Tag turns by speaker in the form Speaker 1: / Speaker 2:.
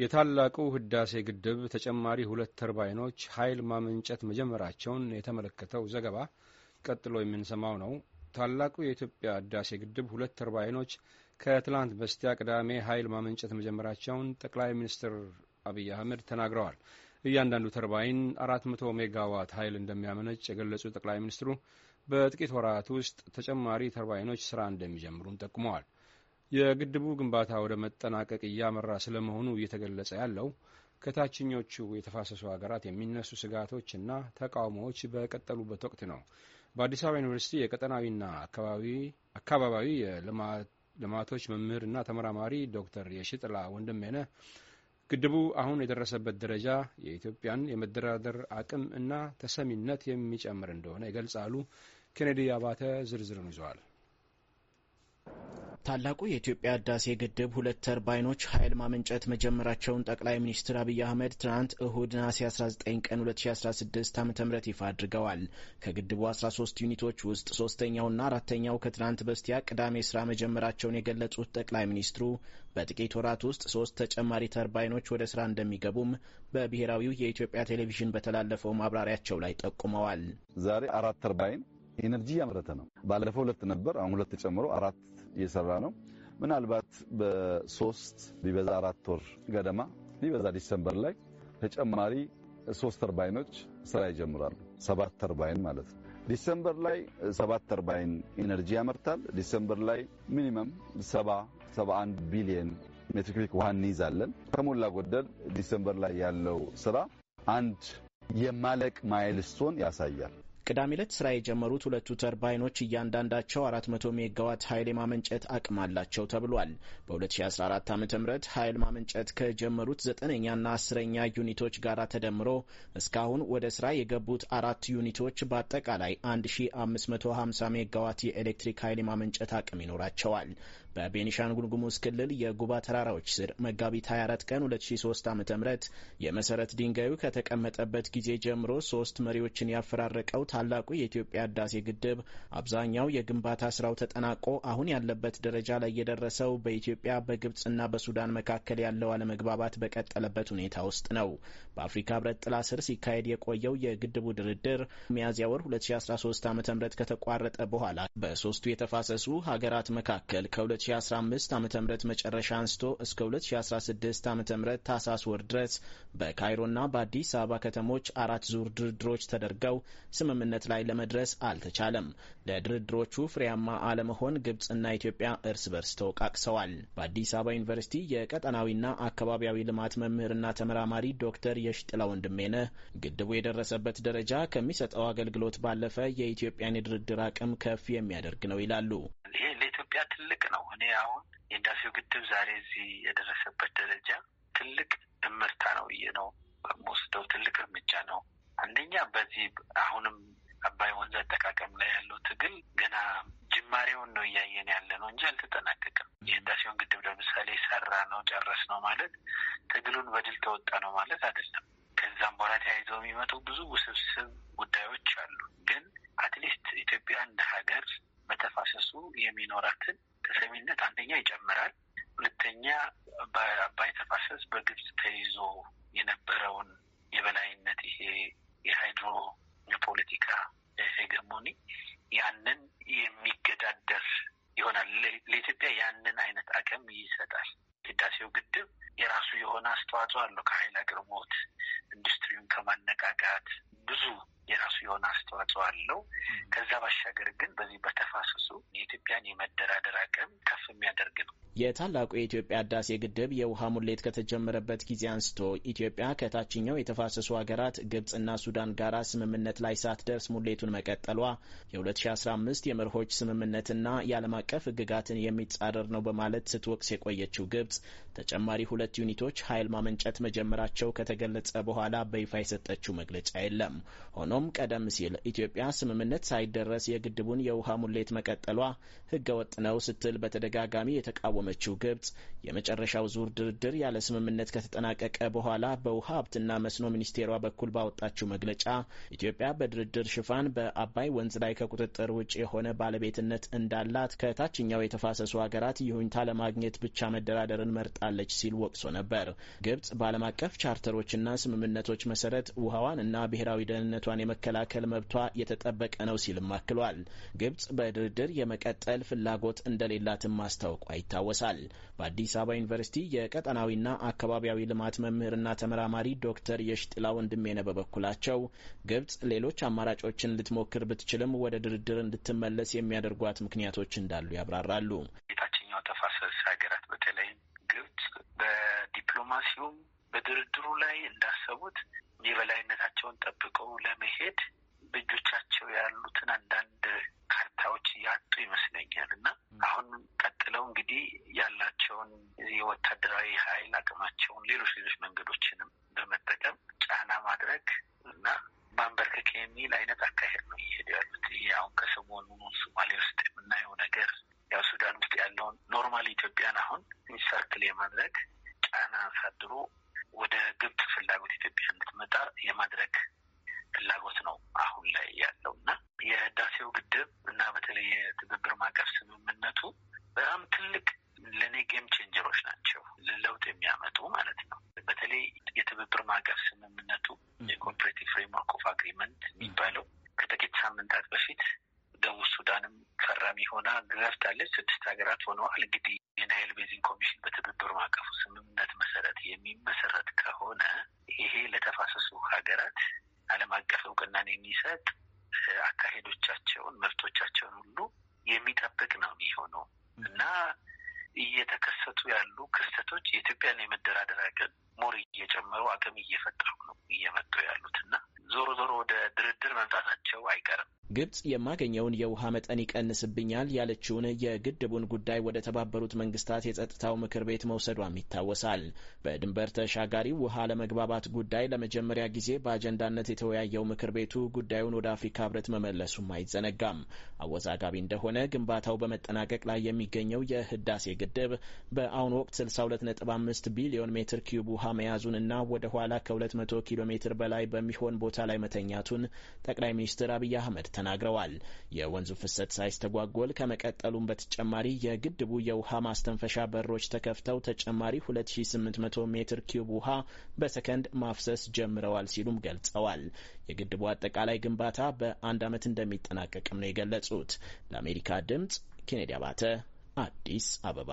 Speaker 1: የታላቁ ህዳሴ ግድብ ተጨማሪ ሁለት ተርባይኖች ኃይል ማመንጨት መጀመራቸውን የተመለከተው ዘገባ ቀጥሎ የምንሰማው ነው። ታላቁ የኢትዮጵያ ህዳሴ ግድብ ሁለት ተርባይኖች ከትላንት በስቲያ ቅዳሜ ኃይል ማመንጨት መጀመራቸውን ጠቅላይ ሚኒስትር አብይ አህመድ ተናግረዋል። እያንዳንዱ ተርባይን 400 ሜጋዋት ኃይል እንደሚያመነጭ የገለጹ ጠቅላይ ሚኒስትሩ በጥቂት ወራት ውስጥ ተጨማሪ ተርባይኖች ስራ እንደሚጀምሩም ጠቁመዋል። የግድቡ ግንባታ ወደ መጠናቀቅ እያመራ ስለመሆኑ እየተገለጸ ያለው ከታችኞቹ የተፋሰሱ ሀገራት የሚነሱ ስጋቶች እና ተቃውሞዎች በቀጠሉበት ወቅት ነው። በአዲስ አበባ ዩኒቨርሲቲ የቀጠናዊና አካባቢያዊ መምህር መምህርና ተመራማሪ ዶክተር የሽጥላ ወንድሜነ ግድቡ አሁን የደረሰበት ደረጃ የኢትዮጵያን የመደራደር አቅም እና ተሰሚነት የሚጨምር እንደሆነ ይገልጻሉ። ኬኔዲ አባተ ዝርዝርን ይዘዋል።
Speaker 2: ታላቁ የኢትዮጵያ ህዳሴ ግድብ ሁለት ተርባይኖች ኃይል ማመንጨት መጀመራቸውን ጠቅላይ ሚኒስትር አብይ አህመድ ትናንት እሁድ ነሐሴ 19 ቀን 2016 ዓ ም ይፋ አድርገዋል። ከግድቡ 13 ዩኒቶች ውስጥ ሶስተኛውና አራተኛው ከትናንት በስቲያ ቅዳሜ ስራ መጀመራቸውን የገለጹት ጠቅላይ ሚኒስትሩ በጥቂት ወራት ውስጥ ሶስት ተጨማሪ ተርባይኖች ወደ ስራ እንደሚገቡም በብሔራዊው የኢትዮጵያ ቴሌቪዥን በተላለፈው ማብራሪያቸው ላይ
Speaker 1: ጠቁመዋል። ዛሬ አራት ተርባይን ኤነርጂ ያመረተ ነው። ባለፈው ሁለት ነበር። አሁን ሁለት ተጨምሮ አራት እየሰራ ነው። ምናልባት በሶስት ቢበዛ አራት ወር ገደማ ቢበዛ ዲሰምበር ላይ ተጨማሪ ሶስት ተርባይኖች ስራ ይጀምራሉ። ሰባት ተርባይን ማለት ነው። ዲሰምበር ላይ ሰባት ተርባይን ኢነርጂ ያመርታል። ዲሰምበር ላይ ሚኒመም ሰባ 71 ቢሊየን ሜትሪክ ውሃ እንይዛለን። ከሞላ ጎደል ዲሰምበር ላይ ያለው ስራ አንድ የማለቅ ማይልስቶን ያሳያል።
Speaker 2: ቅዳሜ ዕለት ስራ የጀመሩት ሁለቱ ተርባይኖች እያንዳንዳቸው 400 ሜጋዋት ኃይል የማመንጨት አቅም አላቸው ተብሏል። በ2014 ዓ ም ኃይል ማመንጨት ከጀመሩት ዘጠነኛና አስረኛ ዩኒቶች ጋር ተደምሮ እስካሁን ወደ ስራ የገቡት አራት ዩኒቶች በአጠቃላይ 1550 ሜጋዋት የኤሌክትሪክ ኃይል የማመንጨት አቅም ይኖራቸዋል። በቤኒሻንጉል ጉሙዝ ክልል የጉባ ተራራዎች ስር መጋቢት 24 ቀን 2003 ዓ ም የመሰረት ድንጋዩ ከተቀመጠበት ጊዜ ጀምሮ ሶስት መሪዎችን ያፈራረቀው ታላቁ የኢትዮጵያ ህዳሴ ግድብ አብዛኛው የግንባታ ስራው ተጠናቆ አሁን ያለበት ደረጃ ላይ የደረሰው በኢትዮጵያ በግብፅና በሱዳን መካከል ያለው አለመግባባት በቀጠለበት ሁኔታ ውስጥ ነው። በአፍሪካ ህብረት ጥላ ስር ሲካሄድ የቆየው የግድቡ ድርድር ሚያዝያ ወር 2013 ዓ ም ከተቋረጠ በኋላ በሶስቱ የተፋሰሱ ሀገራት መካከል ከ2015 ዓ ም መጨረሻ አንስቶ እስከ 2016 ዓ ም ታሳስ ወር ድረስ በካይሮና በአዲስ አበባ ከተሞች አራት ዙር ድርድሮች ተደርገው ስምምነ ስምምነት ላይ ለመድረስ አልተቻለም። ለድርድሮቹ ፍሬያማ አለመሆን ግብጽና ኢትዮጵያ እርስ በርስ ተወቃቅሰዋል። በአዲስ አበባ ዩኒቨርሲቲ የቀጠናዊና አካባቢያዊ ልማት መምህርና ተመራማሪ ዶክተር የሽጥላ ወንድሜነ ግድቡ የደረሰበት ደረጃ ከሚሰጠው አገልግሎት ባለፈ የኢትዮጵያን የድርድር አቅም ከፍ የሚያደርግ ነው ይላሉ።
Speaker 3: ይሄ ለኢትዮጵያ ትልቅ ነው። እኔ አሁን የህዳሴው ግድብ ዛሬ እዚህ የደረሰበት ደረጃ ትልቅ እምርታ ነው ብዬ ነው ወስደው ትልቅ እርምጃ ነው አንደኛ በዚህ አሁንም አባይ ወንዝ አጠቃቀም ላይ ያለው ትግል ገና ጅማሬውን ነው እያየን ያለ ነው እንጂ አልተጠናቀቅም። የህዳሴውን ግድብ ለምሳሌ ሰራ ነው ጨረስ ነው ማለት ትግሉን በድል ተወጣ ነው ማለት አይደለም። ከዛም በኋላ ተያይዘው የሚመጡ ብዙ ውስብስብ ጉዳዮች አሉ። ግን አትሊስት ኢትዮጵያ እንደ ሀገር በተፋሰሱ የሚኖራትን ተሰሚነት አንደኛ ይጨምራል፣ ሁለተኛ በአባይ ተፋሰስ በግብጽ ተይዞ የነበረውን የበላይነት ይሄ የሃይድሮ የፖለቲካ ሄገሞኒ ያንን የሚገዳደር ይሆናል። ለኢትዮጵያ ያንን አይነት አቅም ይሰጣል። ህዳሴው ግድብ የራሱ የሆነ አስተዋጽኦ አለው። ከሀይል አቅርቦት ኢንዱስትሪውን ከማነቃቃት የሆነ አስተዋጽኦ አለው። ከዛ ባሻገር ግን በዚህ በተፋሰሱ የኢትዮጵያን የመደራደር አቅም
Speaker 2: ከፍ የሚያደርግ ነው። የታላቁ የኢትዮጵያ ህዳሴ ግድብ የውሃ ሙሌት ከተጀመረበት ጊዜ አንስቶ ኢትዮጵያ ከታችኛው የተፋሰሱ ሀገራት ግብፅና ሱዳን ጋር ስምምነት ላይ ሳትደርስ ሙሌቱን መቀጠሏ የ2015 የመርሆች ስምምነትና የዓለም አቀፍ ህግጋትን የሚጻረር ነው በማለት ስትወቅስ የቆየችው ግብጽ ተጨማሪ ሁለት ዩኒቶች ኃይል ማመንጨት መጀመራቸው ከተገለጸ በኋላ በይፋ የሰጠችው መግለጫ የለም። ሆኖም ቀደ ቀደም ሲል ኢትዮጵያ ስምምነት ሳይደረስ የግድቡን የውሃ ሙሌት መቀጠሏ ህገወጥ ነው ስትል በተደጋጋሚ የተቃወመችው ግብጽ የመጨረሻው ዙር ድርድር ያለ ስምምነት ከተጠናቀቀ በኋላ በውሃ ሀብትና መስኖ ሚኒስቴሯ በኩል ባወጣችው መግለጫ ኢትዮጵያ በድርድር ሽፋን በአባይ ወንዝ ላይ ከቁጥጥር ውጭ የሆነ ባለቤትነት እንዳላት ከታችኛው የተፋሰሱ ሀገራት ይሁኝታ ለማግኘት ብቻ መደራደርን መርጣለች ሲል ወቅሶ ነበር። ግብጽ በዓለም አቀፍ ቻርተሮችና ስምምነቶች መሰረት ውሃዋን እና ብሔራዊ ደህንነቷን የመከላከል የመከላከል መብቷ የተጠበቀ ነው ሲልም አክሏል። ግብጽ በድርድር የመቀጠል ፍላጎት እንደሌላትም ማስታወቋ ይታወሳል። በአዲስ አበባ ዩኒቨርሲቲ የቀጠናዊና አካባቢያዊ ልማት መምህርና ተመራማሪ ዶክተር የሽጥላ ወንድሜነ በበኩላቸው ግብጽ ሌሎች አማራጮችን ልትሞክር ብትችልም ወደ ድርድር እንድትመለስ የሚያደርጓት ምክንያቶች እንዳሉ ያብራራሉ። የታችኛው ተፋሰስ ሀገራት በተለይ ግብጽ በዲፕሎማሲውም
Speaker 3: በድርድሩ ላይ እንዳሰቡት የበላይነታቸውን የሚል አይነት አካሄድ ነው እየሄዱ ያሉት። ይሄ አሁን ከሰሞኑ ሶማሌ ውስጥ የምናየው ነገር ያው ሱዳን ውስጥ ያለውን ኖርማል ኢትዮጵያን አሁን ኢንሰርክል የማድረግ ስምምነቱ የኮፕሬቲቭ ፍሬምወርክ ኦፍ አግሪመንት የሚባለው ከጥቂት ሳምንታት በፊት ደቡብ ሱዳንም ፈራሚ ሆና ገብታለች። ስድስት ሀገራት ሆነዋል። እንግዲህ የናይል ቤዚን ኮሚሽን በትብብር ማዕቀፉ ስምምነት መሰረት የሚመሰረት ከሆነ ይሄ ለተፋሰሱ ሀገራት ዓለም አቀፍ እውቅናን የሚሰጥ አካሄዶቻቸውን፣ መብቶቻቸውን ሁሉ የሚጠብቅ ነው የሚሆነው እና እየተከሰቱ ያሉ ክስተቶች የኢትዮጵያን የመደራደር አቅም ሞር እየጨመሩ አቅም እየፈጠሩ መምጣታቸው አይቀርም
Speaker 2: ግብጽ የማገኘውን የውሃ መጠን ይቀንስብኛል ያለችውን የግድቡን ጉዳይ ወደ ተባበሩት መንግስታት የጸጥታው ምክር ቤት መውሰዷም ይታወሳል። በድንበር ተሻጋሪ ውሃ ለመግባባት ጉዳይ ለመጀመሪያ ጊዜ በአጀንዳነት የተወያየው ምክር ቤቱ ጉዳዩን ወደ አፍሪካ ህብረት መመለሱም አይዘነጋም። አወዛጋቢ እንደሆነ ግንባታው በመጠናቀቅ ላይ የሚገኘው የህዳሴ ግድብ በአሁኑ ወቅት 625 ቢሊዮን ሜትር ኪዩብ ውሃ እና ወደ ኋላ ከ200 ኪሎ ሜትር በላይ በሚሆን ቦታ ላይ መተኛቱን ጠቅላይ ሚኒስትር አብይ አህመድ ተናግረዋል። የወንዙ ፍሰት ሳይስተጓጎል ከመቀጠሉም በተጨማሪ የግድቡ የውሃ ማስተንፈሻ በሮች ተከፍተው ተጨማሪ 2800 ሜትር ኪዩብ ውሃ በሰከንድ ማፍሰስ ጀምረዋል ሲሉም ገልጸዋል። የግድቡ አጠቃላይ ግንባታ በአንድ ዓመት እንደሚጠናቀቅም ነው የገለጹት። ለአሜሪካ ድምጽ ኬኔዲ አባተ አዲስ አበባ